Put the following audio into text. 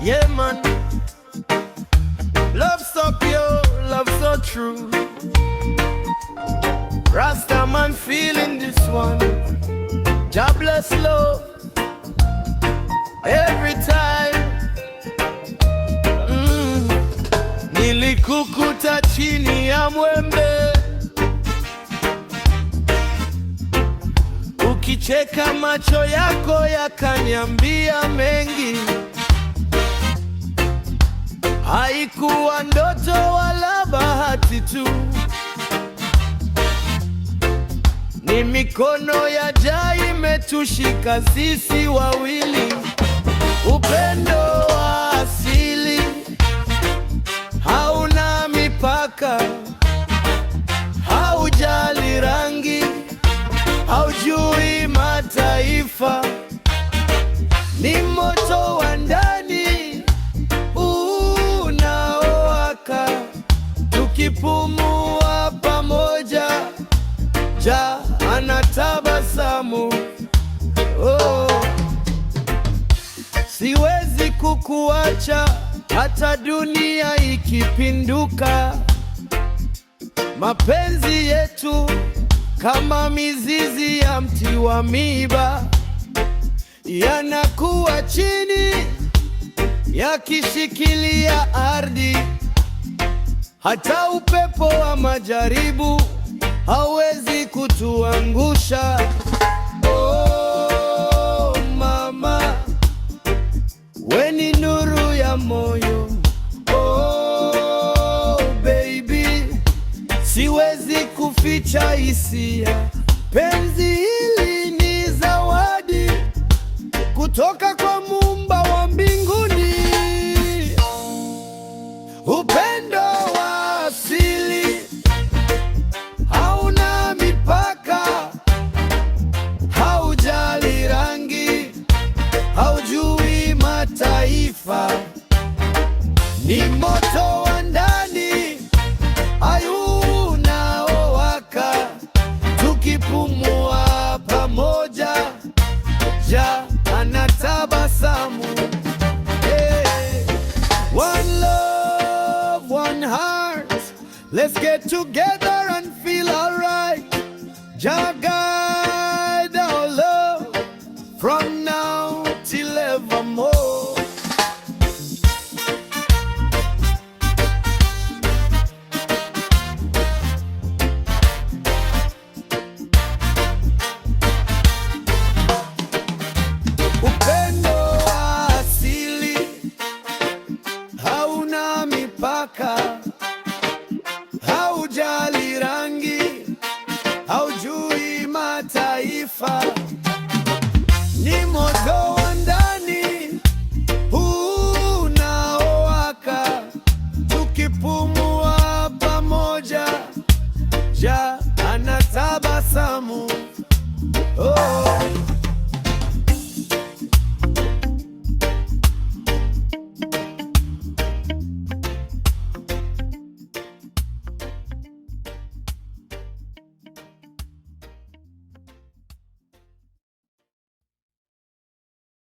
yeah man. Love so pure, love so true. Rasta man feeling this one. Jobless love. Every time mm. Nilikukuta chini ya mwembe ukicheka, macho yako yakaniambia mengi. Haikuwa ndoto wala bahati tu, ni mikono ya jaa imetushika sisi wawili, upendo ja anatabasamu oh. Siwezi kukuacha hata dunia ikipinduka, mapenzi yetu kama mizizi ya mti wa miiba yanakuwa chini yakishikilia ardhi, hata upepo wa majaribu hawezi kutuangusha. Oh, mama we ni nuru ya moyo. Oh, baby siwezi kuficha hisia, penzi hili ni zawadi kutoka kwa Let's get together and feel alright. Jaga our love from now till evermore. haujui mataifa